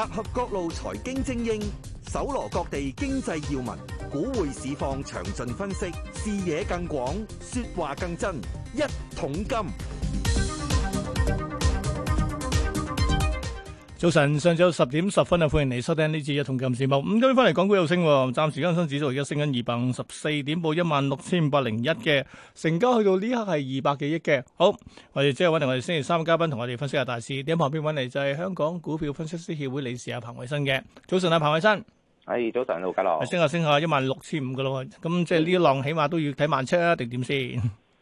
集合各路財經精英搜羅各地經濟要聞，股匯市況詳盡分析，視野更廣，說話更真，一桶金。早晨，上晝十點十分啊，歡迎你收聽呢次嘅同金時報。咁今日翻嚟，港股又升，暫時恒生指數而家升緊二百五十四點，報一萬六千五百零一嘅成交，去到呢刻係二百幾億嘅。好，我哋即係揾定我哋星期三嘅嘉賓，同我哋分析下大市。點旁邊揾嚟就係香港股票分析師協會理事阿彭偉新嘅。早晨啊，彭偉新，係早晨啊，家樂，升下升下 16,，一萬六千五嘅咯，咁即係呢一浪起碼都要睇萬七啊，定點先。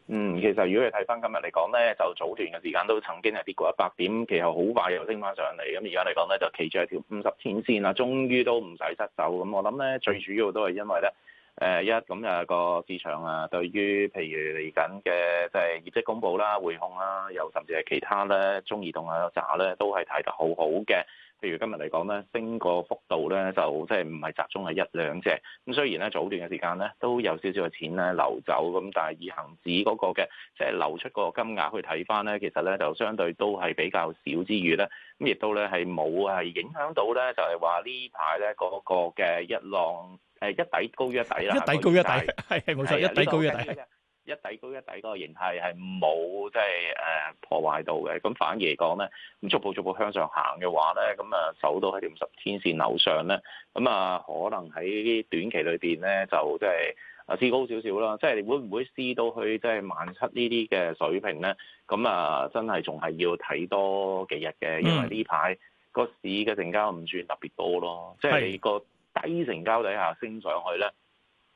嗯，其實如果你睇翻今日嚟講咧，就早段嘅時間都曾經係跌過一百點，其後好快又升翻上嚟，咁而家嚟講咧就企住喺條五十天線啦，終於都唔使失守，咁我諗咧最主要都係因為咧。誒一咁又個市場啊，對於譬如嚟緊嘅即係業績公佈啦、匯控啦，又甚至係其他咧，中移動啊、渣打咧，都係睇得好好嘅。譬如今日嚟講咧，升個幅度咧就即係唔係集中係一兩隻。咁雖然咧早段嘅時間咧都有少少嘅錢咧流走咁，但係以恒指嗰個嘅即係流出個金額去睇翻咧，其實咧就相對都係比較少之餘咧，咁亦都咧係冇係影響到咧，就係話呢排咧嗰個嘅一浪。誒，一底高一底啦，一底高一底，係係冇錯，一底高一底，一底高一底個形態係冇即係誒破壞到嘅。咁反而嚟講咧，咁逐步逐步向上行嘅話咧，咁啊守到喺條十天線樓上咧，咁啊可能喺短期裏邊咧就即係試高少少啦。即係你會唔會試到去即係、就是、萬七呢啲嘅水平咧？咁啊真係仲係要睇多幾日嘅、嗯，因為呢排個市嘅成交唔算特別多咯，即係你個。低成交底下升上去咧，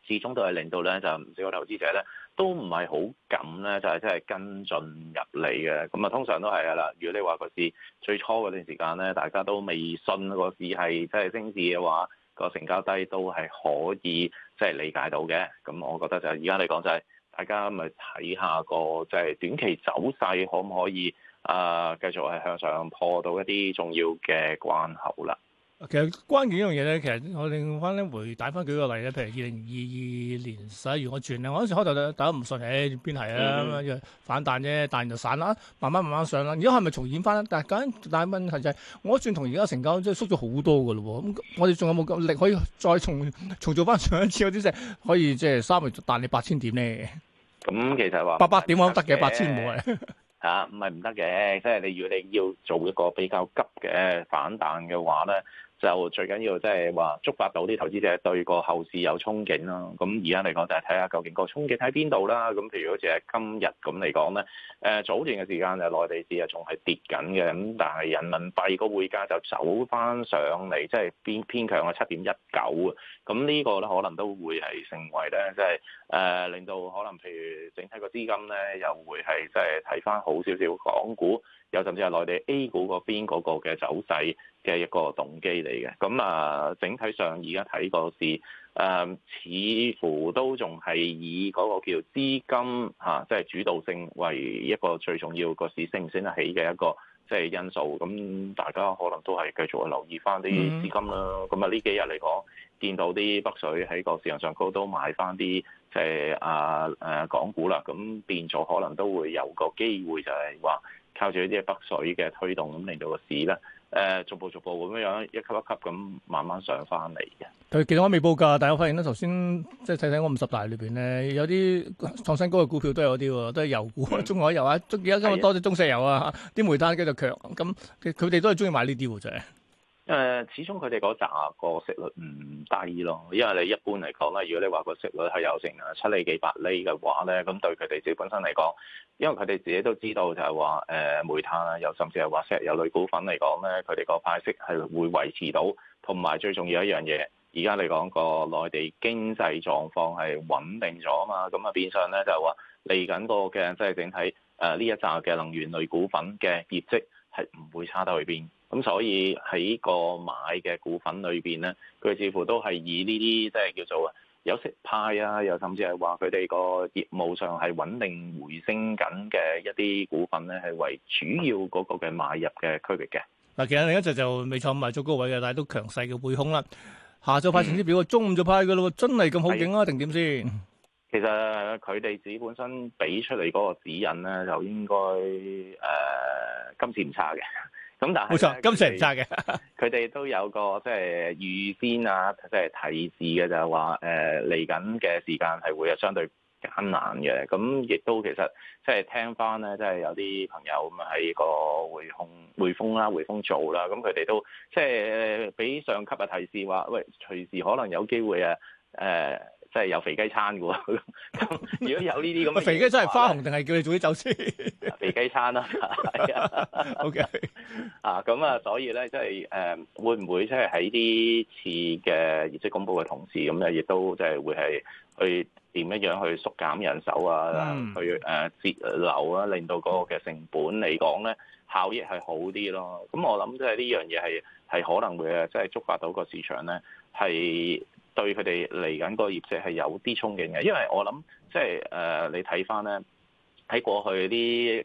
始終都係令到咧就唔少嘅投資者咧都唔係好敢咧就係即係跟進入嚟嘅。咁啊，通常都係㗎啦。如果你話個市最初嗰段時間咧，大家都未信個市係即係升市嘅話，個成交低都係可以即係理解到嘅。咁我覺得現在說就係而家嚟講就係大家咪睇下個即係短期走勢可唔可以啊繼續係向上向破到一啲重要嘅關口啦。其實關鍵一樣嘢咧，其實我令翻咧回帶翻幾個例咧，譬如二零二二年十一月我轉咧，我嗰時開頭大家唔信，誒邊係啊？反彈啫，彈完就散啦，慢慢慢慢上啦。而家係咪重演翻？但係緊但係問題就係，我轉同而家成交即係縮咗好多嘅咯喎。我哋仲有冇力可以再重重做翻上一次嗰啲嘢？可以即係三月彈你八千點咧？咁、嗯、其實話八百點我都得嘅，八千冇啊，唔係唔得嘅。即係你要你要做一個比較急嘅反彈嘅話咧。就最緊要即係話觸發到啲投資者對個後市有憧憬咯。咁而家嚟講就係睇下究竟個憧憬喺邊度啦。咁譬如好似今日咁嚟講咧，誒早段嘅時間啊，內地市啊仲係跌緊嘅，咁但係人民幣個匯價就走翻上嚟，即係偏偏強嘅七點一九啊。咁呢個咧可能都會係成為咧即係誒令到可能譬如整體個資金咧又會係即係睇翻好少少港股。有甚至係內地 A 股嗰邊嗰個嘅走勢嘅一個動機嚟嘅，咁啊，整體上而家睇個市，誒，似乎都仲係以嗰個叫資金嚇，即係主導性為一個最重要嘅個市升唔升得起嘅一個即係因素。咁大家可能都係繼續去留意翻啲資金啦。咁啊，呢幾日嚟講，見到啲北水喺個市場上高都買翻啲誒啊誒港股啦，咁變咗可能都會有個機會就係話。靠住呢啲北水嘅推動，咁令到個市咧，誒、呃、逐步逐步咁樣樣，一級一級咁慢慢上翻嚟嘅。佢其實我未報價，但我發現咧。頭先即係睇睇我五十大裏邊咧，有啲創新高嘅股票都有啲喎，都係油股、嗯，中海油啊，而家今日多啲中石油啊，啲煤炭繼續強咁，佢哋都係中意買呢啲喎，真係。誒，始終佢哋嗰紮個息率唔低咯，因為你一般嚟講咧，如果你話個息率係有成七厘幾百的話、八厘嘅話咧，咁對佢哋自己本身嚟講，因為佢哋自己都知道就係話，誒煤炭啊，又甚至係話石油類股份嚟講咧，佢哋個派息係會維持到，同埋最重要一樣嘢，而家嚟講個內地經濟狀況係穩定咗啊嘛，咁啊變相咧就係話嚟緊個嘅即係整體誒呢一紮嘅能源類股份嘅業績係唔會差得去邊。咁所以喺個買嘅股份裏面咧，佢似乎都係以呢啲即係叫做有息派啊，又甚至係話佢哋個業務上係穩定回升緊嘅一啲股份咧，係為主要嗰個嘅買入嘅區域嘅。嗱，其實你一就就未錯埋最高位嘅，但係都強勢嘅背空啦。下晝派成績表，中午就派佢咯喎，真係咁好勁啊？定點先？其實佢哋自己本身俾出嚟嗰個指引咧，就應該誒、呃、今次唔差嘅。咁但係冇錯，今次唔差嘅，佢 哋都有個即係預先啊，即係提示嘅就係話，誒嚟緊嘅時間係會係相對艱難嘅。咁亦都其實即係聽翻咧，即係有啲朋友咁喺個匯控、匯豐啦、匯豐做啦，咁佢哋都即係俾上級啊提示話，喂，隨時可能有機會啊，誒、呃。即、就、係、是、有肥雞餐嘅喎，咁 如果有呢啲咁，嘅 肥雞真係花紅定係 叫你早啲走先？ 肥雞餐啦，係 啊 ，OK 啊，咁啊，所以咧，即係誒，會唔會即係喺啲次嘅業績公佈嘅同時，咁咧亦都即係會係去點一樣去縮減人手啊，mm. 去誒節、呃、流啊，令到嗰個嘅成本嚟講咧，效益係好啲咯。咁、嗯、我諗即係呢樣嘢係係可能會啊，即係觸發到個市場咧係。是對佢哋嚟緊個業績係有啲憧憬嘅，因為我諗即係誒、呃，你睇返咧喺過去呢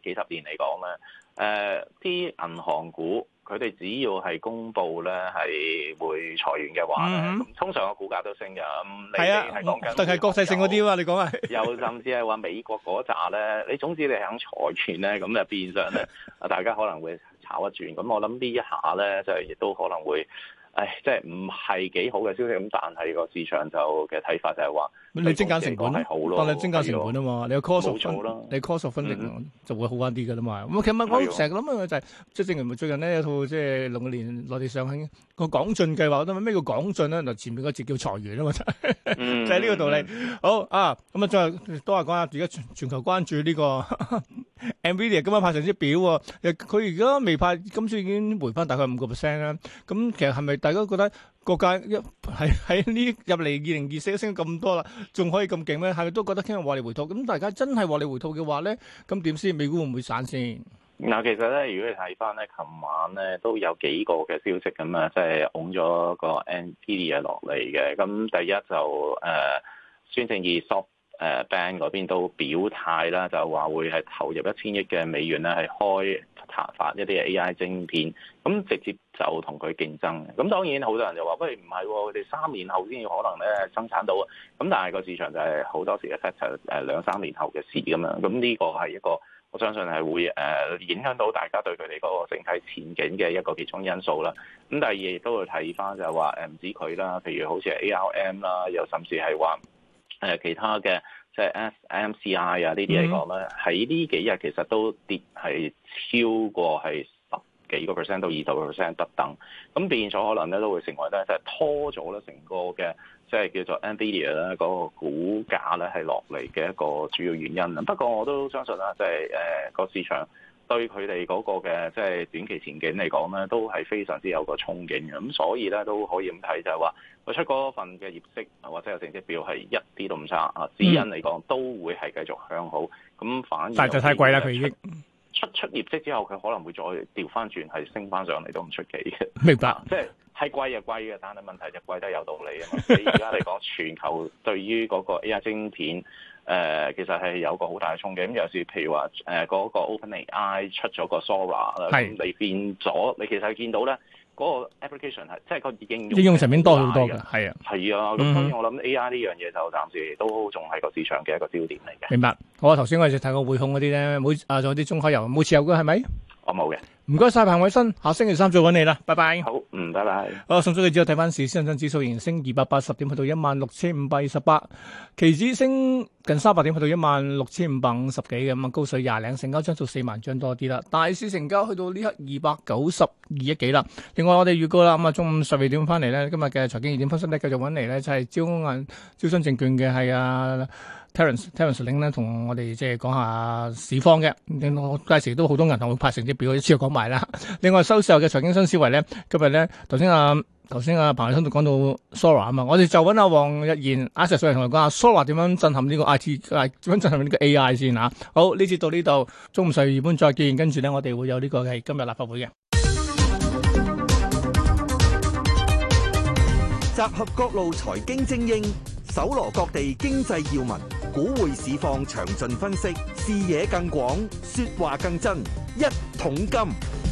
幾十年嚟講咧，誒、呃、啲銀行股佢哋只要係公布咧係會裁員嘅話咧、嗯，通常個股價都升嘅。係啊，特但係國際性嗰啲啊，你講啊，又甚至係話美國嗰扎咧， 你總之你係肯裁員咧，咁就變相咧啊，大家可能會炒一轉。咁我諗呢一下咧，就亦都可能會。唉，即係唔係幾好嘅消息咁，但係個市場就嘅睇法就係話，你精簡成本、啊就是、好咯，但你精簡成本啊嘛，你有 cost of 你 c o 分釐就會好翻啲嘅啦嘛。咁其實我成日諗嘅就係、是，即正如最近呢一套即係龍年內地上興個廣進計劃，我都問咩叫廣進咧？就前面嗰節叫裁員啊嘛，嗯、 就係呢個道理。嗯、好啊，咁啊再多係講下而家全，全球關注呢、這個 Nvidia，今晚派成績表啊，佢而家未派，今朝已經回翻大概五個 percent 啦。咁其實係咪？大家都覺得各界一喺喺呢入嚟二零二四升咁多啦，仲可以咁勁咩？係咪都覺得聽日獲利回吐？咁大家真係獲利回吐嘅話咧，咁點先？美股會唔會散先？嗱，其實咧，如果你睇翻咧，琴晚咧都有幾個嘅消息咁啊，即係拱咗個 NVIDIA 嘅落嚟嘅。咁第一就誒、呃，孫正義誒 b a n d 嗰邊都表態啦，就話會係投入一千億嘅美元咧，係開攤發一啲 AI 晶片，咁直接就同佢競爭。咁當然好多人就話：喂、哦，唔係，佢哋三年後先至可能咧生產到啊！咁但係個市場就係好多時嘅 factor 兩三年後嘅事咁樣。咁呢個係一個我相信係會、呃、影響到大家對佢哋嗰個整體前景嘅一個其中因素啦。咁第二亦都會睇翻就係話誒唔止佢啦，譬如好似 ARM 啦，又甚至係話。誒其他嘅即係 S M C I 啊呢啲嚟講咧，喺呢、嗯、幾日其實都跌係超過係十幾個 percent 到二十個 percent 得等，咁變咗可能咧都會成為咧即係拖咗咧成個嘅即係叫做 Nvidia 咧嗰個股價咧係落嚟嘅一個主要原因啦。不過我都相信啦，即係誒、呃嗰個市場。對佢哋嗰個嘅即係短期前景嚟講咧，都係非常之有個憧憬嘅。咁所以咧都可以咁睇，就係話佢出嗰份嘅業績或者有成績表係一啲都唔差啊。指引嚟講都會係繼續向好。咁反而但就太貴啦！佢已經出出，出業績之後，佢可能會再調翻轉係升翻上嚟都唔出奇嘅。明白，即係。係貴啊貴嘅，但係問題就貴得有道理啊！ 你而家嚟講，全球對於嗰個 AI 晶片，誒、呃、其實係有個好大嘅衝擊。咁有時譬如話，誒、呃、嗰、那個 OpenAI 出咗個 Sora 啦，咁你變咗，你其實見到咧嗰、那個 application 係即係個已經應用上面多好多嘅，係啊係啊。咁、啊嗯、所以我諗 AI 呢樣嘢就暫時都仲係個市場嘅一個焦點嚟嘅。明白。好啊！頭先我哋就睇過滙控嗰啲咧，每啊仲有啲中海油，每次有嘅係咪？我冇嘅。唔該晒彭偉新，下星期三再搵你啦。拜拜。好，嗯，拜拜。好，上咗嘅之後睇翻，市，恒生指數仍升二百八十點，去到一萬六千五百二十八，期指升近三百點，去到一萬六千五百五十幾嘅，咁啊，高水廿零，成交張數四萬張多啲啦。大市成交去到呢刻二百九十二億幾啦。另外我哋預告啦，咁啊中午十二點翻嚟咧，今日嘅財經二點分析咧，繼續搵嚟咧，就係招銀、招商證券嘅係啊。Terence，Terence 領咧同我哋即係講下市況嘅。另外，屆時都好多銀行會派成績表，一次講埋啦。另外，收市後嘅財經新思維咧，今日咧頭先啊，頭先啊，彭偉新都講到 Sora 啊嘛。我哋就揾阿黃日賢阿 Sir 同佢講下 Sora 點樣震撼呢個 I T，點樣震撼呢個 A I 先吓、啊。好，呢節到呢度，中午十二點半再見。跟住咧，我哋會有呢、呢個係今日立法會嘅。集合各路財經精英，搜羅各地經濟要聞，股匯市況詳盡分析，視野更廣，說話更真，一桶金。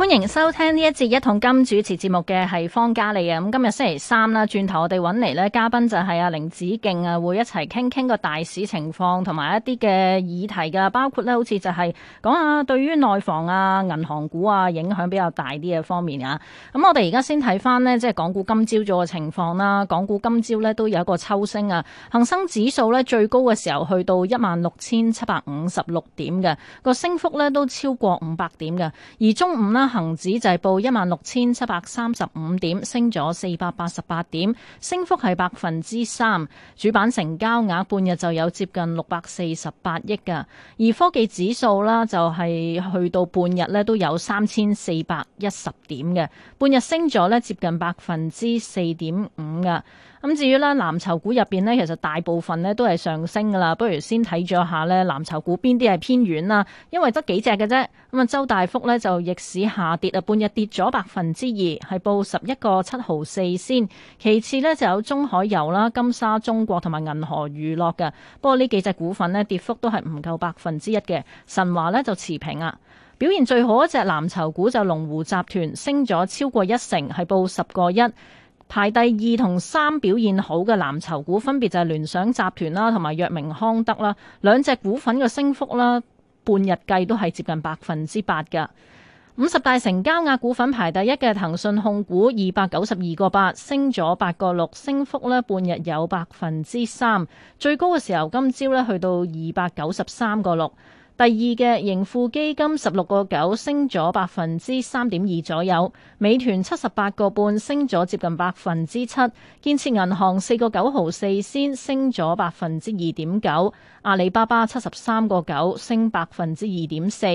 歡迎收聽呢一節一桶金主持節目嘅係方嘉莉啊！咁今日星期三啦，轉頭我哋揾嚟呢嘉賓就係阿凌子敬啊，會一齊傾傾個大市情況同埋一啲嘅議題嘅，包括呢好似就係講下對於內房啊、銀行股啊影響比較大啲嘅方面啊。咁、嗯、我哋而家先睇翻，呢，即係港股今朝早嘅情況啦。港股今朝呢都有一個抽升啊，恒生指數呢最高嘅時候去到一萬六千七百五十六點嘅，個升幅呢都超過五百點嘅，而中午呢。恒指就係報一萬六千七百三十五點，升咗四百八十八點，升幅係百分之三。主板成交額半日就有接近六百四十八億噶，而科技指數啦就係去到半日咧都有三千四百一十點嘅，半日升咗咧接近百分之四點五噶。咁至於呢藍籌股入邊呢，呢其實大部分呢都係上升噶啦，不如先睇咗下呢藍籌股邊啲係偏軟啦、啊，因為得幾隻嘅啫。咁、嗯、啊，周大福呢就逆市下跌啊，半日跌咗百分之二，係報十一個七毫四先。其次呢就有中海油啦、金沙中國同埋銀河娛樂嘅，不過呢幾隻股份呢跌幅都係唔夠百分之一嘅。神華呢就持平啊。表現最好一隻藍籌股就龍湖集團，升咗超過一成，係報十個一。排第二同三表現好嘅藍籌股分別就係聯想集團啦，同埋藥明康德啦，兩隻股份嘅升幅呢，半日計都係接近百分之八㗎。五十大成交額股份排第一嘅騰訊控股，二百九十二個八，升咗八個六，升幅呢半日有百分之三，最高嘅時候今朝呢去到二百九十三個六。第二嘅盈富基金十六個九升咗百分之三點二左右，美團七十八個半升咗接近百分之七，建設銀行四個九毫四先升咗百分之二點九。阿里巴巴七十三個九升百分之二點四，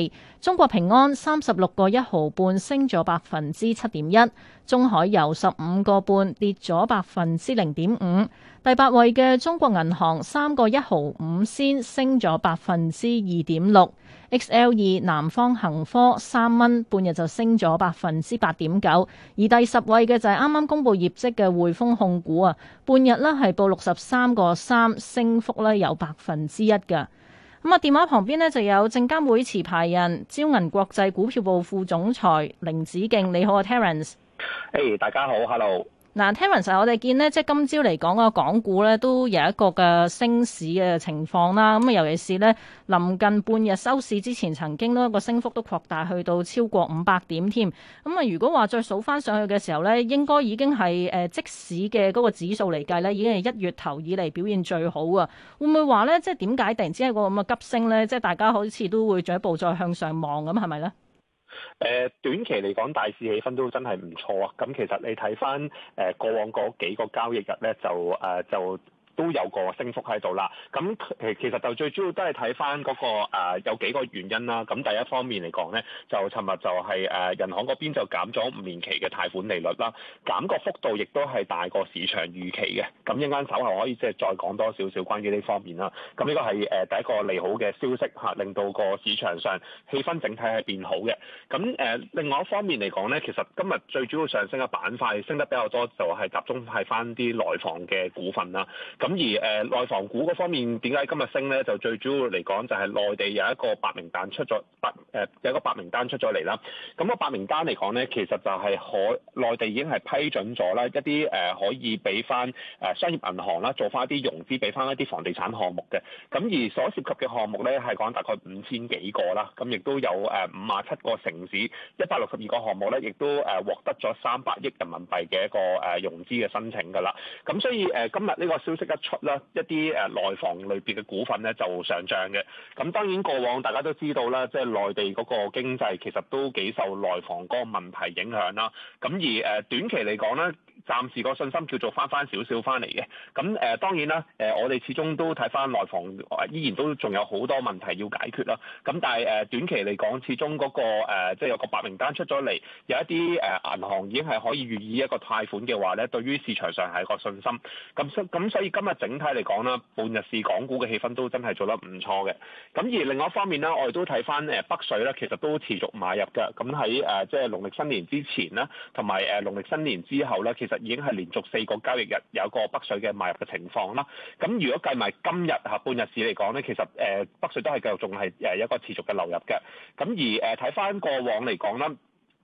中國平安三十六個一毫半升咗百分之七點一，中海油十五個半跌咗百分之零點五，第八位嘅中國銀行三個一毫五仙升咗百分之二點六。XL 二南方恒科三蚊，半日就升咗百分之八點九。而第十位嘅就係啱啱公布業績嘅滙豐控股啊，半日呢係報六十三個三，升幅咧有百分之一㗎。咁啊，電話旁邊呢就有證監會持牌人招銀國際股票部副總裁凌子敬，你好啊，Terence。誒、Hey，大家好，Hello。嗱、啊，聽聞實我哋見呢即係今朝嚟講個港股呢，都有一個嘅升市嘅情況啦。咁啊，尤其是呢，臨近半日收市之前，曾經都一個升幅都擴大去到超過五百點添。咁、嗯、啊，如果話再數翻上去嘅時候呢，應該已經係、呃、即市嘅嗰個指數嚟計呢，已經係一月頭以嚟表現最好啊。會唔會話呢？即係點解突然之間個咁嘅急升呢？即係大家好似都會進一步再向上望咁，係咪呢？誒短期嚟講，大市氣氛都真係唔錯啊。咁其實你睇翻誒過往嗰幾個交易日咧，就誒就，都有個升幅喺度啦，咁其其實就最主要都係睇翻嗰個有幾個原因啦。咁第一方面嚟講咧，就尋日就係誒人行嗰邊就減咗五年期嘅貸款利率啦，減個幅度亦都係大過市場預期嘅。咁一陣間係可以即係再講多少少關於呢方面啦。咁呢個係第一個利好嘅消息，啊，令到個市場上氣氛整體係變好嘅。咁另外一方面嚟講咧，其實今日最主要上升嘅板塊升得比較多，就係集中係翻啲內房嘅股份啦。咁而誒、呃、內房股嗰方面點解今日升咧？就最主要嚟講就係內地有一個白名單出咗白、呃、有一個白名單出咗嚟啦。咁個白名單嚟講咧，其實就係可內地已經係批准咗啦一啲誒、呃、可以俾翻誒商業銀行啦做翻一啲融資俾翻一啲房地產項目嘅。咁而所涉及嘅項目咧係講大概五千幾個啦。咁亦都有誒五十七個城市一百六十二個項目咧，亦都誒獲得咗三百億人民幣嘅一個誒融資嘅申請噶啦。咁所以誒、呃、今日呢個消息。出啦一啲誒內房類別嘅股份咧就上漲嘅，咁當然過往大家都知道啦，即係內地嗰個經濟其實都幾受內房嗰個問題影響啦。咁而誒短期嚟講咧，暫時個信心叫做翻翻少少翻嚟嘅。咁誒當然啦，誒我哋始終都睇翻內房依然都仲有好多問題要解決啦。咁但係誒短期嚟講，始終嗰個即係有個白名單出咗嚟，有一啲誒銀行已經係可以予以一個貸款嘅話咧，對於市場上係個信心。咁咁所以今天咁啊，整體嚟講啦，半日市港股嘅氣氛都真係做得唔錯嘅。咁而另外一方面咧，我哋都睇翻誒北水咧，其實都持續買入嘅。咁喺誒即係農曆新年之前咧，同埋誒農曆新年之後咧，其實已經係連續四個交易日有個北水嘅買入嘅情況啦。咁如果計埋今日嚇半日市嚟講咧，其實誒北水都係繼續仲係誒一個持續嘅流入嘅。咁而誒睇翻過往嚟講咧。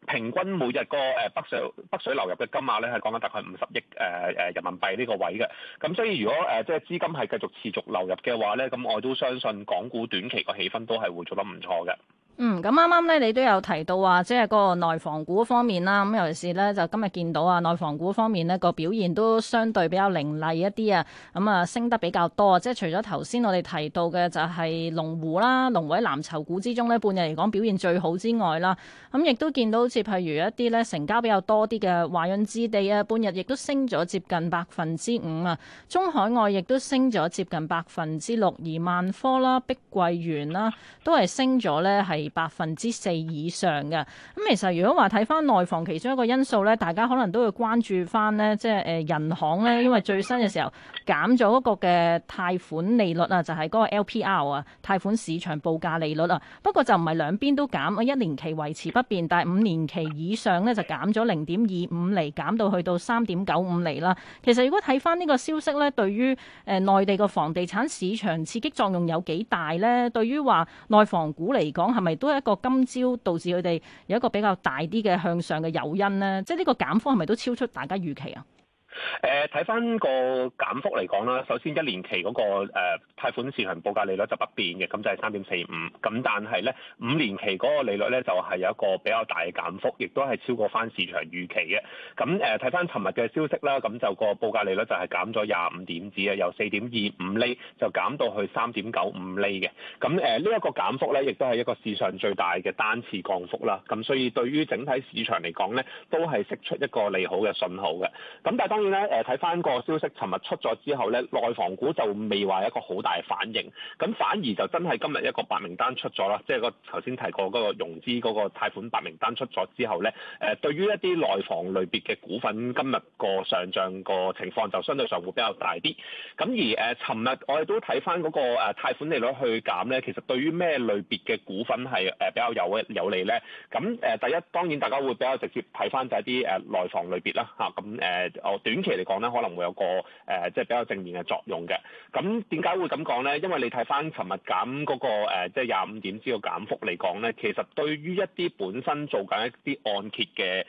平均每日個誒北上北水流入嘅金額咧，係講緊大概五十億誒誒人民幣呢個位嘅。咁所以如果誒即係資金係繼續持續流入嘅話咧，咁我都相信港股短期個氣氛都係會做得唔錯嘅。嗯，咁啱啱咧，你都有提到啊，即係個內房股方面啦。咁尤其是咧，就今日見到啊，內房股方面咧，個表現都相對比較凌厲一啲啊。咁啊，升得比較多啊。即係除咗頭先我哋提到嘅就係龍湖啦、龍湖，藍籌股之中咧，半日嚟講表現最好之外啦，咁亦都見到好似譬如一啲咧成交比較多啲嘅華潤置地啊，半日亦都升咗接近百分之五啊。中海外亦都升咗接近百分之六，而萬科啦、碧桂園啦都係升咗咧，係。百分之四以上嘅咁，其實如果話睇翻內房其中一個因素咧，大家可能都會關注翻咧，即係誒人行咧，因為最新嘅時候減咗 𠮶 個嘅貸款利率啊，就係 𠮶 個 LPR 啊，貸款市場報價利率啊。不過就唔係兩邊都減，啊一年期維持不變，但係五年期以上咧就減咗零點二五厘，減到去到三點九五厘啦。其實如果睇翻呢個消息咧，對於誒內地嘅房地產市場刺激作用有幾大咧？對於話內房股嚟講，係咪？都係一個今朝導致佢哋有一個比較大啲嘅向上嘅誘因咧，即係呢個減幅係咪都超出大家預期啊？誒睇翻個減幅嚟講啦，首先一年期嗰個誒貸款市場報價利率就不變嘅，咁就係三點四五。咁但係咧，五年期嗰個利率咧就係有一個比較大嘅減幅，亦都係超過翻市場預期嘅。咁誒睇翻尋日嘅消息啦，咁就個報價利率就係減咗廿五點至啊，由四點二五厘就減到去三點九五厘嘅。咁誒呢一個減幅咧，亦都係一個史上最大嘅單次降幅啦。咁所以對於整體市場嚟講咧，都係釋出一個利好嘅信號嘅。咁但係當先咧，誒睇翻個消息，尋日出咗之後咧，內房股就未話一個好大反應，咁反而就真係今日一個白名單出咗啦，即係個頭先提過嗰個融資嗰個貸款白名單出咗之後咧，誒對於一啲內房類別嘅股份今日個上漲個情況就相對上會比較大啲。咁而誒尋日我哋都睇翻嗰個誒貸款利率去減咧，其實對於咩類別嘅股份係誒比較有有利咧？咁誒第一當然大家會比較直接睇翻就係啲誒內房類別啦，嚇咁誒我。短期嚟講咧，可能會有個誒，即係比較正面嘅作用嘅。咁點解會咁講咧？因為你睇翻尋日減嗰個誒，即係廿五點之後減幅嚟講咧，其實對於一啲本身做緊一啲按揭嘅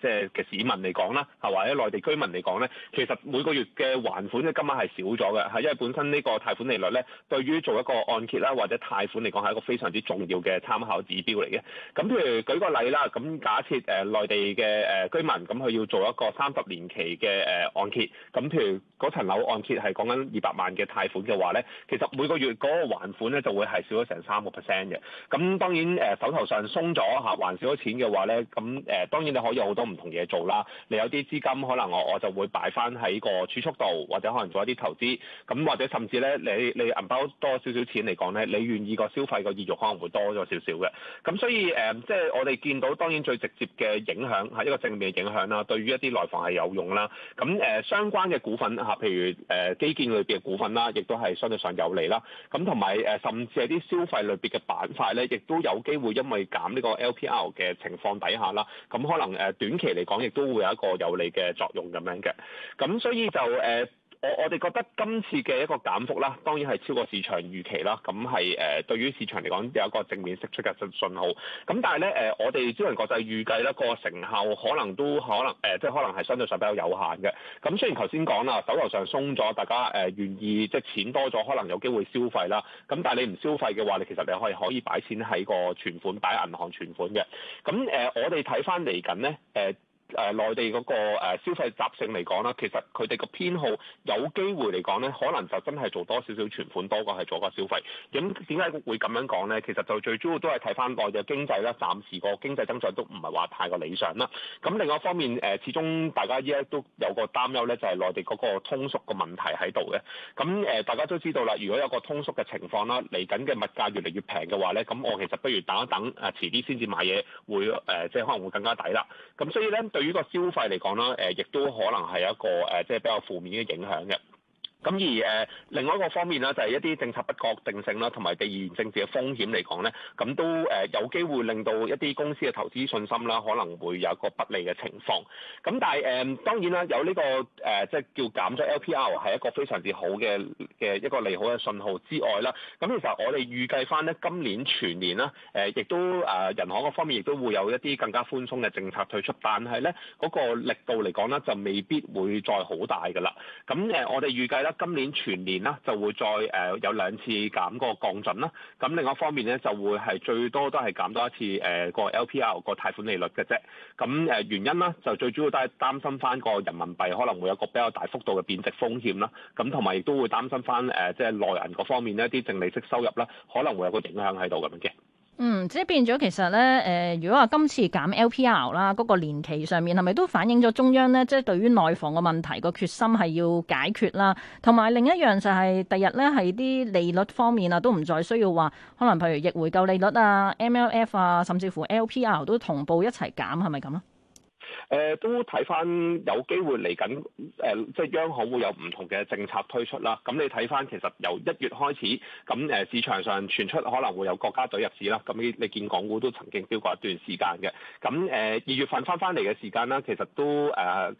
誒，即係嘅市民嚟講啦，係或者內地居民嚟講咧，其實每個月嘅還款嘅金額係少咗嘅，係因為本身呢個貸款利率咧，對於做一個按揭啦或者貸款嚟講係一個非常之重要嘅參考指標嚟嘅。咁譬如舉個例啦，咁假設誒內地嘅誒居民，咁佢要做一個三十年期嘅。誒按揭咁，譬如嗰層樓按揭係講緊二百萬嘅貸款嘅話咧，其實每個月嗰個還款咧就會係少咗成三個 percent 嘅。咁當然誒手頭上鬆咗吓，還少咗錢嘅話咧，咁誒當然你可以有好多唔同嘢做啦。你有啲資金可能我我就會擺返喺個儲蓄度，或者可能做一啲投資。咁或者甚至咧，你你銀包多少少錢嚟講咧，你願意個消費個意欲可能會多咗少少嘅。咁所以誒、呃，即係我哋見到當然最直接嘅影響係一個正面嘅影響啦，對於一啲內房係有用啦。咁誒、呃、相關嘅股份譬如誒、呃、基建類別嘅股份啦，亦都係相對上有利啦。咁同埋誒甚至係啲消費類別嘅板塊咧，亦都有機會因為減呢個 LPR 嘅情況底下啦，咁可能、呃、短期嚟講，亦都會有一個有利嘅作用咁樣嘅。咁所以就誒、呃我我哋覺得今次嘅一個減幅啦，當然係超過市場預期啦。咁係誒，對於市場嚟講有一個正面釋出嘅信信號。咁但係咧、呃、我哋招銀國際預計咧，個成效可能都可能誒、呃，即係可能係相對上比較有限嘅。咁雖然頭先講啦，手頭上鬆咗，大家誒願、呃、意即係錢多咗，可能有機會消費啦。咁但係你唔消費嘅話，你其實你可以可以擺錢喺個存款，擺銀行存款嘅。咁誒、呃，我哋睇翻嚟緊咧誒誒內地嗰個消費習性嚟講啦，其實佢哋個偏好有機會嚟講咧，可能就真係做多少少存款多過係做個消費。咁點解會咁樣講咧？其實就最主要都係睇翻內地嘅經濟啦。暫時個經濟增長都唔係話太過理想啦。咁另外一方面誒，始終大家依家都有個擔憂咧，就係內地嗰個通縮個問題喺度嘅。咁誒大家都知道啦，如果有一個通縮嘅情況啦，嚟緊嘅物價越嚟越平嘅話咧，咁我其實不如等一等誒，遲啲先至買嘢會誒，即係可能會更加抵啦。咁所以咧，對於個消費嚟講啦，誒，亦都可能係一個誒，即係比較負面嘅影響嘅。咁而誒另外一個方面咧，就係、是、一啲政策不確定性啦，同埋地緣政治嘅風險嚟講咧，咁都有機會令到一啲公司嘅投資信心啦，可能會有一個不利嘅情況。咁但係誒當然啦、這個，有呢個誒即係叫減咗 LPR 係一個非常之好嘅嘅一個利好嘅信號之外啦。咁其實我哋預計翻咧今年全年啦，亦都誒人行嗰方面亦都會有一啲更加寬鬆嘅政策退出，但係咧嗰個力度嚟講咧就未必會再好大㗎啦。咁我哋預計啦。今年全年啦，就會再誒有兩次減個降準啦。咁另外一方面咧，就會係最多都係減多一次誒個 LPR 個貸款利率嘅啫。咁誒原因啦，就最主要都係擔心翻個人民幣可能會有個比較大幅度嘅貶值風險啦。咁同埋亦都會擔心翻誒即係內銀嗰方面呢一啲淨利息收入啦，可能會有個影響喺度咁嘅。嗯，即係變咗其實咧，誒、呃，如果話今次減 LPR 啦，嗰、那個年期上面係咪都反映咗中央咧，即係對於內房嘅問題、那個決心係要解決啦，同埋另一樣就係、是、第日咧係啲利率方面啊，都唔再需要話可能譬如逆回購利率啊、MLF 啊，甚至乎 LPR 都同步一齊減，係咪咁啊？誒都睇翻有機會嚟緊，誒即係央行會有唔同嘅政策推出啦。咁你睇翻其實由一月開始，咁誒市場上傳出可能會有國家隊入市啦。咁你見港股都曾經飆過一段時間嘅。咁誒二月份翻翻嚟嘅時間啦，其實都誒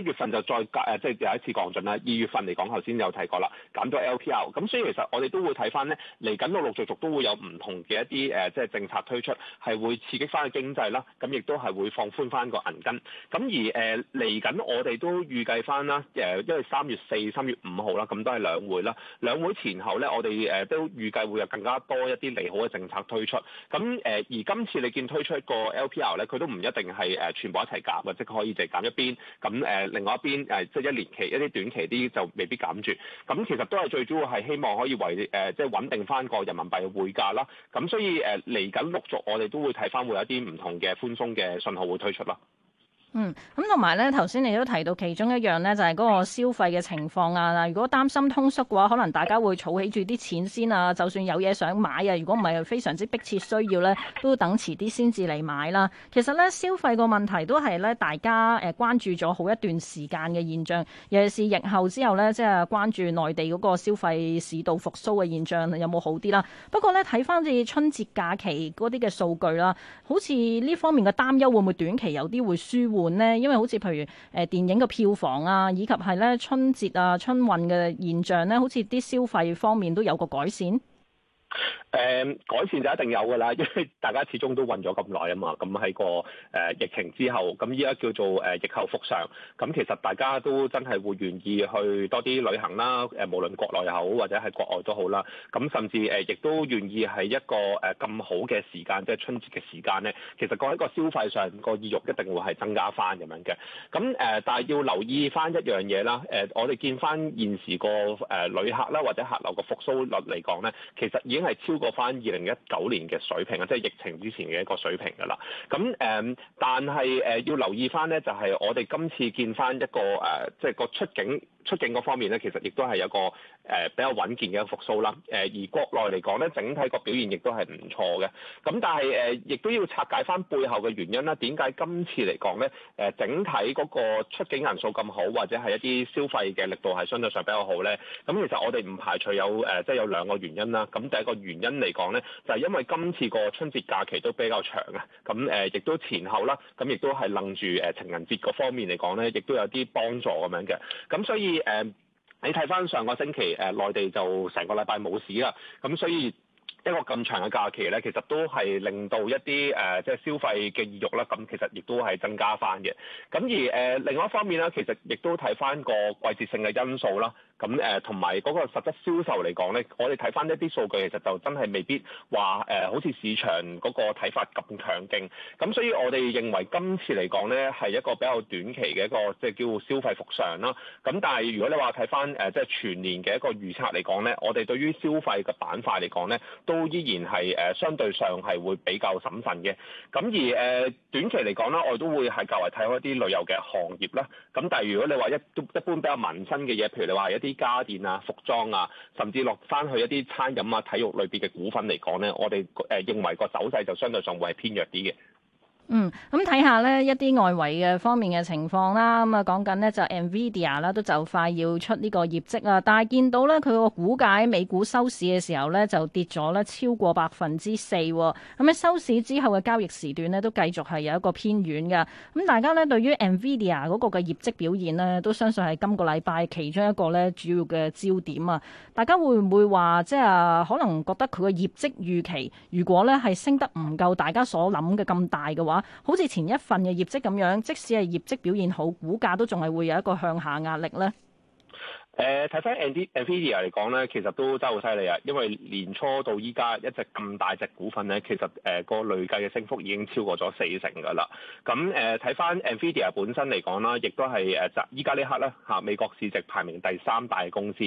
一月份就再誒即係有一次降準啦。二月份嚟講，頭先有提過啦，減咗 LPR。咁所以其實我哋都會睇翻咧，嚟緊陸陸續續都會有唔同嘅一啲誒即係政策推出，係會刺激翻個經濟啦。咁亦都係會放寬翻個銀根。咁而誒嚟緊，我哋都預計翻啦。誒，因為三月四、三月五號啦，咁都係兩會啦。兩會前後咧，我哋誒都預計會有更加多一啲利好嘅政策推出。咁誒，而今次你見推出個 LPR 咧，佢都唔一定係全部一齊減或者即係可以就減一邊。咁誒，另外一邊誒，即係一年期一啲短期啲就未必減住。咁其實都係最主要係希望可以為誒即係穩定翻個人民幣嘅匯價啦。咁所以誒嚟緊陸續，我哋都會睇翻會有一啲唔同嘅寬鬆嘅信號會推出啦。嗯，咁同埋咧，頭先你都提到其中一樣咧，就係嗰個消費嘅情況啊。如果擔心通縮嘅話，可能大家會儲起住啲錢先啊。就算有嘢想買啊，如果唔係非常之迫切需要咧，都要等遲啲先至嚟買啦。其實咧，消費個問題都係咧，大家誒關注咗好一段時間嘅現象，尤其是疫後之後咧，即係關注內地嗰個消費市道復甦嘅現象有冇好啲啦。不過咧，睇翻至春節假期嗰啲嘅數據啦，好似呢方面嘅擔憂會唔會短期有啲會舒緩。換咧，因為好似譬如誒電影嘅票房啊，以及係咧春節啊春運嘅現象咧，好似啲消費方面都有個改善。誒、嗯、改善就一定有㗎啦，因為大家始終都混咗咁耐啊嘛，咁喺個誒、呃、疫情之後，咁依家叫做誒、呃、疫後復相復常，咁其實大家都真係會願意去多啲旅行啦，誒、呃、無論國內又好或者係國外都好啦，咁甚至誒亦、呃、都願意係一個誒咁、呃、好嘅時間，即、就、係、是、春節嘅時間咧，其實個喺個消費上個意欲一定會係增加翻咁樣嘅，咁誒、呃、但係要留意翻一樣嘢啦，誒、呃、我哋見翻現時個誒旅客啦或者客流個復甦率嚟講咧，其實已經，係超過翻二零一九年嘅水平啊，即係疫情之前嘅一個水平㗎啦。咁誒，但係誒要留意翻咧，就係我哋今次見翻一個誒，即係個出境出境嗰方面咧，其實亦都係有個誒比較穩健嘅復甦啦。誒而國內嚟講咧，整體個表現亦都係唔錯嘅。咁但係誒，亦都要拆解翻背後嘅原因啦。點解今次嚟講咧？誒整體嗰個出境人數咁好，或者係一啲消費嘅力度係相對上比較好咧？咁其實我哋唔排除有誒，即係有兩個原因啦。咁第一個。個原因嚟講呢，就係因為今次個春節假期都比較長啊，咁亦都前後啦，咁亦都係楞住誒情人節嗰方面嚟講呢，亦都有啲幫助咁樣嘅。咁所以你睇翻上個星期內地就成個禮拜冇市啦，咁所以一個咁長嘅假期呢，其實都係令到一啲即係消費嘅意欲啦。咁其實亦都係增加翻嘅。咁而另外一方面呢，其實亦都睇翻個季節性嘅因素啦。咁誒同埋嗰個實質銷售嚟講咧，我哋睇翻呢一啲數據，其實就真係未必話誒、呃，好似市場嗰個睇法咁強勁。咁所以我哋認為今次嚟講咧，係一個比較短期嘅一個即係、就是、叫消費復上啦。咁但係如果你話睇翻誒即係全年嘅一個預測嚟講咧，我哋對於消費嘅板塊嚟講咧，都依然係誒、呃、相對上係會比較審慎嘅。咁而誒、呃、短期嚟講啦，我哋都會係較為睇開啲旅遊嘅行業啦。咁但係如果你話一一般比較民生嘅嘢，譬如你話一啲，家電啊、服裝啊，甚至落翻去一啲餐飲啊、體育類別嘅股份嚟講咧，我哋誒認為個走勢就相對上會係偏弱啲嘅。嗯，咁睇下咧一啲外圍嘅方面嘅情況啦，咁啊講緊咧就 NVIDIA 啦，都就快要出呢個業績啊，但係見到咧佢個股價美股收市嘅時候咧就跌咗咧超過百分之四，咁喺收市之後嘅交易時段咧都繼續係有一個偏軟嘅。咁大家咧對於 NVIDIA 嗰個嘅業績表現咧，都相信係今個禮拜其中一個咧主要嘅焦點啊。大家會唔會話即係可能覺得佢嘅業績預期如果咧係升得唔夠大家所諗嘅咁大嘅話？好似前一份嘅業績咁樣，即使係業績表現好，股價都仲係會有一個向下壓力呢。誒睇翻 NVIDIA 嚟講咧，其實都真係好犀利啊！因為年初到依家一隻咁大隻股份咧，其實誒個累計嘅升幅已經超過咗四成㗎啦。咁誒睇翻 NVIDIA 本身嚟講啦，亦都係誒依家呢刻咧嚇美國市值排名第三大嘅公司。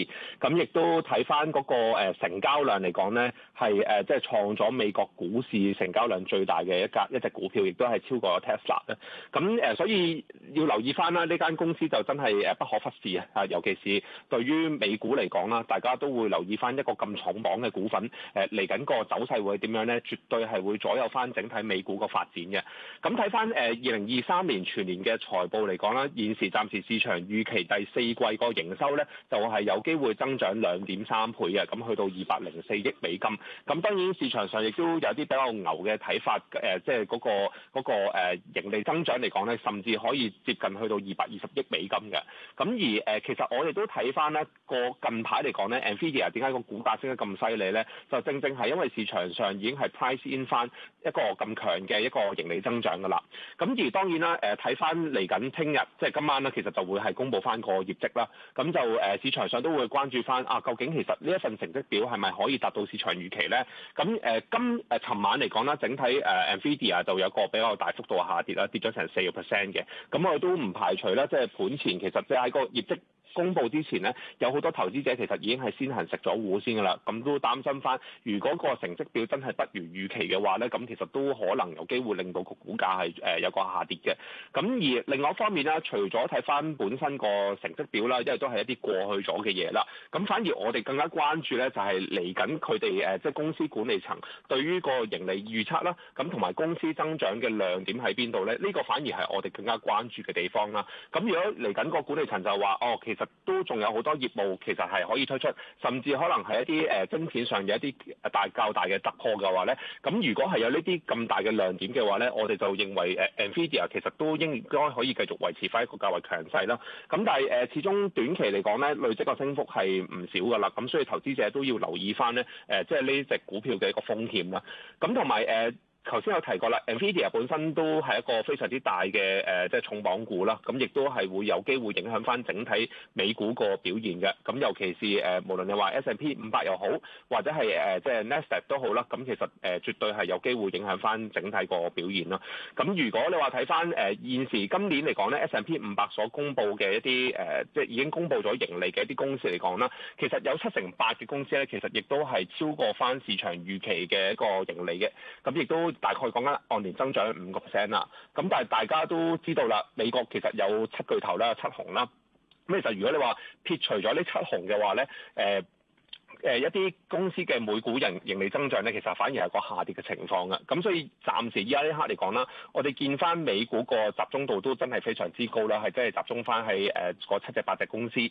咁亦都睇翻嗰個誒成交量嚟講咧，係即係創咗美國股市成交量最大嘅一間一隻股票，亦都係超過 Tesla 咧。咁誒所以要留意翻啦，呢間公司就真係誒不可忽視啊！尤其是對於美股嚟講啦，大家都會留意翻一個咁重磅嘅股份，誒嚟緊個走勢會點樣呢？絕對係會左右翻整體美股個發展嘅。咁睇翻誒二零二三年全年嘅財報嚟講啦，現時暫時市場預期第四季個營收呢，就係有機會增長兩點三倍嘅，咁去到二百零四億美金。咁當然市場上亦都有啲比較牛嘅睇法，誒即係嗰個嗰個誒盈利增長嚟講呢，甚至可以接近去到二百二十億美金嘅。咁而誒其實我哋都睇。睇翻咧，個近排嚟講咧，Nvidia 點解個股價升得咁犀利咧？就正正係因為市場上已經係 price in 翻一個咁強嘅一個盈利增長噶啦。咁而當然啦，誒睇翻嚟緊聽日即係今晚咧，其實就會係公布翻個業績啦。咁就誒市場上都會關注翻啊，究竟其實呢一份成績表係咪可以達到市場預期咧？咁誒、呃、今誒琴、呃、晚嚟講啦，整體誒 Nvidia 就有個比較大幅度下跌啦，跌咗成四個 percent 嘅。咁我都唔排除啦，即係盤前其實即係個業績。公布之前呢，有好多投資者其實已經係先行食咗糊先㗎啦，咁都擔心翻，如果個成績表真係不如預期嘅話呢，咁其實都可能有機會令到個股價係有個下跌嘅。咁而另外一方面呢，除咗睇翻本身個成績表啦，因為都係一啲過去咗嘅嘢啦，咁反而我哋更加關注呢，就係嚟緊佢哋即係公司管理層對於個盈利預測啦，咁同埋公司增長嘅亮點喺邊度呢？呢個反而係我哋更加關注嘅地方啦。咁如果嚟緊個管理層就話哦，其實都仲有好多業務其實係可以推出，甚至可能係一啲誒晶片上有一啲大較大嘅突破嘅話呢，咁如果係有呢啲咁大嘅亮點嘅話呢，我哋就認為誒 Nvidia 其實都應該可以繼續維持返一個較為強勢啦。咁但係誒始終短期嚟講呢，累積個升幅係唔少㗎啦，咁所以投資者都要留意返咧誒，即係呢隻股票嘅一個風險啦。咁同埋誒。頭先有提過啦，Nvidia 本身都係一個非常之大嘅誒，即係重磅股啦，咁亦都係會有機會影響翻整體美股個表現嘅。咁尤其是誒，無論你話 S&P 五百又好，或者係誒即係 Nasdaq 都好啦，咁其實誒絕對係有機會影響翻整體個表現啦。咁如果你話睇翻誒現時今年嚟講咧，S&P 五百所公布嘅一啲誒，即係已經公布咗盈利嘅一啲公司嚟講啦，其實有七成八嘅公司咧，其實亦都係超過翻市場預期嘅一個盈利嘅，咁亦都。大概講緊按年增長五個 percent 啦，咁但係大家都知道啦，美國其實有七巨頭啦，有七雄啦，咁其實如果你話撇除咗呢七雄嘅話咧，呃誒一啲公司嘅每股盈盈利增長咧，其實反而係個下跌嘅情況嘅。咁所以暫時依家呢刻嚟講啦，我哋見翻美股個集中度都真係非常之高啦，係真係集中翻喺誒嗰七隻八隻公司誒，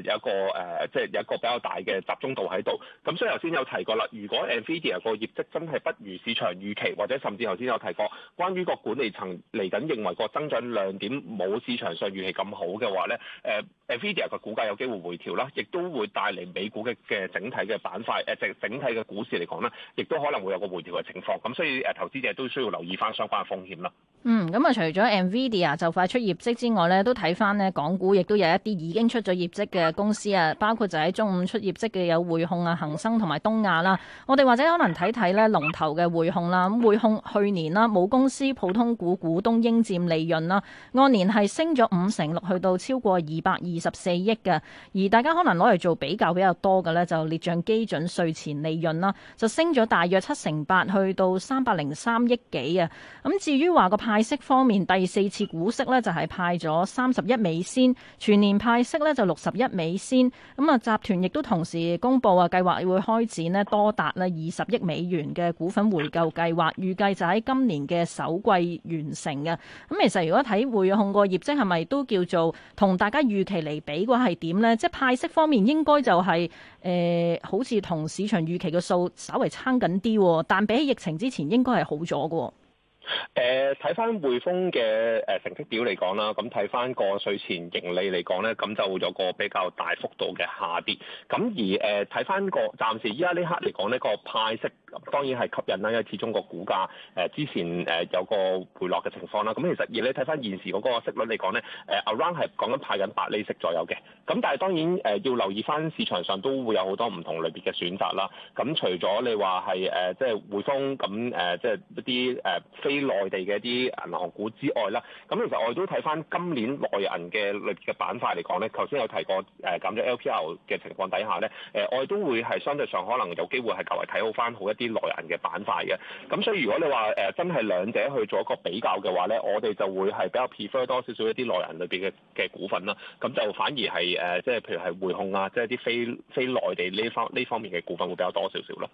有一個誒即係有一個比較大嘅集中度喺度。咁所以頭先有提過啦，如果 Nvidia 個業績真係不如市場預期，或者甚至頭先有提過關於個管理層嚟緊認為個增長亮點冇市場上預期咁好嘅話咧，誒 Nvidia 嘅股價有機會回調啦，亦都會帶嚟美股嘅嘅整。整體嘅板塊誒，整整體嘅股市嚟講呢，亦都可能會有個回調嘅情況。咁所以誒，投資者都需要留意翻相關嘅風險啦。嗯，咁啊，除咗 Nvidia 就快出業績之外呢，都睇翻呢港股，亦都有一啲已經出咗業績嘅公司啊，包括就喺中午出業績嘅有匯控啊、恒生、同埋東亞啦。我哋或者可能睇睇呢龍頭嘅匯控啦。咁匯控去年啦，母公司普通股股東應佔利潤啦，按年係升咗五成六，去到超過二百二十四億嘅。而大家可能攞嚟做比較比較多嘅呢就。列帳基準稅前利潤啦，就升咗大約七成八，去到三百零三億幾啊。咁至於話個派息方面，第四次股息呢，就係派咗三十一美仙，全年派息呢，就六十一美仙。咁啊，集團亦都同時公布啊，計劃會開展呢多達咧二十億美元嘅股份回購計劃，預計就喺今年嘅首季完成嘅。咁其實如果睇滙控個業績係咪都叫做同大家預期嚟比嘅話係點呢？即係派息方面應該就係、是、誒。欸誒，好似同市場預期嘅數稍微差緊啲，但比起疫情之前應該係好咗嘅。誒睇翻匯豐嘅誒成績表嚟講啦，咁睇翻個稅前盈利嚟講咧，咁就會有個比較大幅度嘅下跌。咁而誒睇翻個暫時依家呢刻嚟講呢個派息當然係吸引啦，因為始終個股價誒、呃、之前誒有個回落嘅情況啦。咁其實而你睇翻現時嗰個息率嚟講咧，誒、呃、around 係講緊派緊百厘息左右嘅。咁但係當然誒要留意翻市場上都會有好多唔同類別嘅選擇啦。咁除咗你話係誒即係匯豐咁誒、呃、即係一啲誒。呃啲內地嘅一啲銀行股之外啦，咁其實我哋都睇翻今年內銀嘅類別嘅板塊嚟講咧，頭先有提過誒減咗 LPR 嘅情況底下咧，誒我哋都會係相對上可能有機會係較為睇好翻好一啲內銀嘅板塊嘅，咁所以如果你話誒真係兩者去做一個比較嘅話咧，我哋就會係比較 prefer 多少少一啲內銀裏邊嘅嘅股份啦，咁就反而係誒即係譬如係匯控啊，即係啲非非內地呢方呢方面嘅股份會比較多少少咯。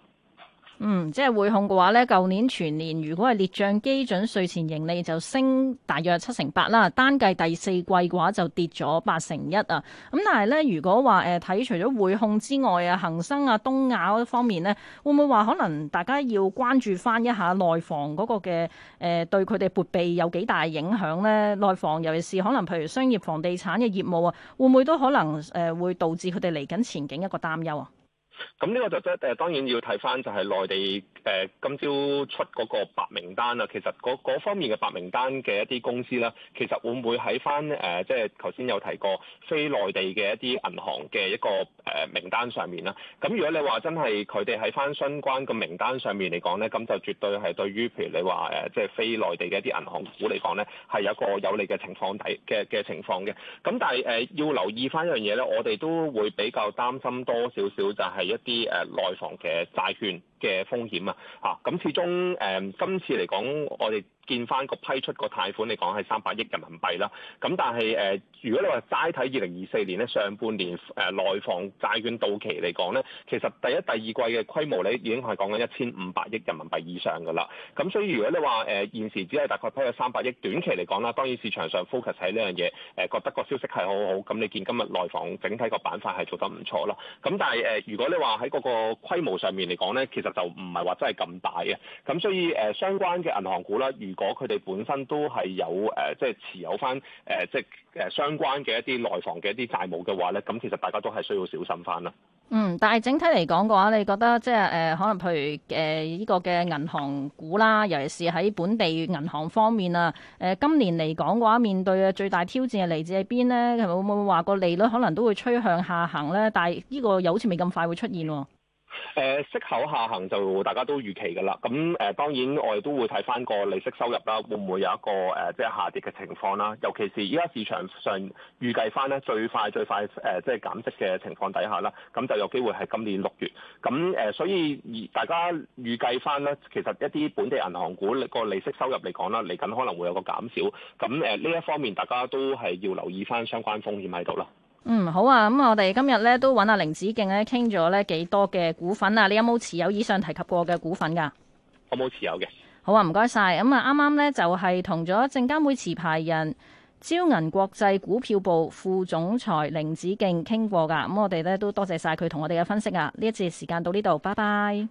嗯，即係滙控嘅話呢，舊年全年如果係列賬基準稅前盈利就升大約七成八啦，單計第四季嘅話就跌咗八成一啊。咁但係呢，如果話誒睇除咗滙控之外啊，恒生啊、東亞方面呢，會唔會話可能大家要關注翻一下內房嗰個嘅誒、呃、對佢哋撥備有幾大影響呢？內房，尤其是可能譬如商業房地產嘅業務啊，會唔會都可能誒、呃、會導致佢哋嚟緊前景一個擔憂啊？咁呢個就即、是、誒當然要睇翻就係內地誒、呃、今朝出嗰個白名單啦。其實嗰方面嘅白名單嘅一啲公司啦，其實會唔會喺翻即係頭先有提過非內地嘅一啲銀行嘅一個、呃、名單上面啦？咁如果你話真係佢哋喺翻相關嘅名單上面嚟講咧，咁就絕對係對於譬如你話即係非內地嘅一啲銀行股嚟講咧，係有一個有利嘅情況底嘅嘅情況嘅。咁但係、呃、要留意翻一樣嘢咧，我哋都會比較擔心多少少就係一啲誒內房嘅債券嘅風險啊，吓咁始終誒今次嚟講我哋。見翻個批出個貸款，嚟講係三百億人民幣啦。咁但係誒、呃，如果你話齋睇二零二四年咧，上半年誒、呃、內房債券到期嚟講咧，其實第一第二季嘅規模咧已經係講緊一千五百億人民幣以上㗎啦。咁所以如果你話誒、呃、現時只係大概批咗三百億，短期嚟講啦，當然市場上 focus 喺呢樣嘢，誒、呃、覺得個消息係好好。咁你見今日內房整體個板塊係做得唔錯啦。咁但係誒、呃，如果你話喺嗰個規模上面嚟講咧，其實就唔係話真係咁大嘅。咁所以誒、呃，相關嘅銀行股啦，如如果佢哋本身都係有誒，即係持有翻誒，即係誒相關嘅一啲內房嘅一啲債務嘅話咧，咁其實大家都係需要小心翻啦。嗯，但係整體嚟講嘅話，你覺得即係誒，可能譬如誒呢個嘅銀行股啦，尤其是喺本地銀行方面啊，誒今年嚟講嘅話，面對嘅最大挑戰係嚟自喺邊咧？係咪會唔會話個利率可能都會趨向下行咧？但係呢個又好似未咁快會出現喎。誒息口下行就大家都預期㗎啦，咁誒當然我哋都會睇翻個利息收入啦，會唔會有一個誒即係下跌嘅情況啦？尤其是而家市場上預計翻呢最快最快誒即係減息嘅情況底下啦，咁就有機會係今年六月，咁誒所以大家預計翻呢，其實一啲本地銀行股個利息收入嚟講啦，嚟緊可能會有個減少，咁誒呢一方面大家都係要留意翻相關風險喺度啦。嗯，好啊，咁我哋今日咧都搵阿凌子敬咧傾咗咧幾多嘅股份啊，你有冇持有以上提及過嘅股份噶？我冇持有嘅。好啊，唔該晒。咁啊，啱啱咧就係同咗證監會持牌人招銀國際股票部副總裁凌子敬傾過噶。咁我哋咧都多謝晒佢同我哋嘅分析啊。呢一節時間到呢度，拜拜。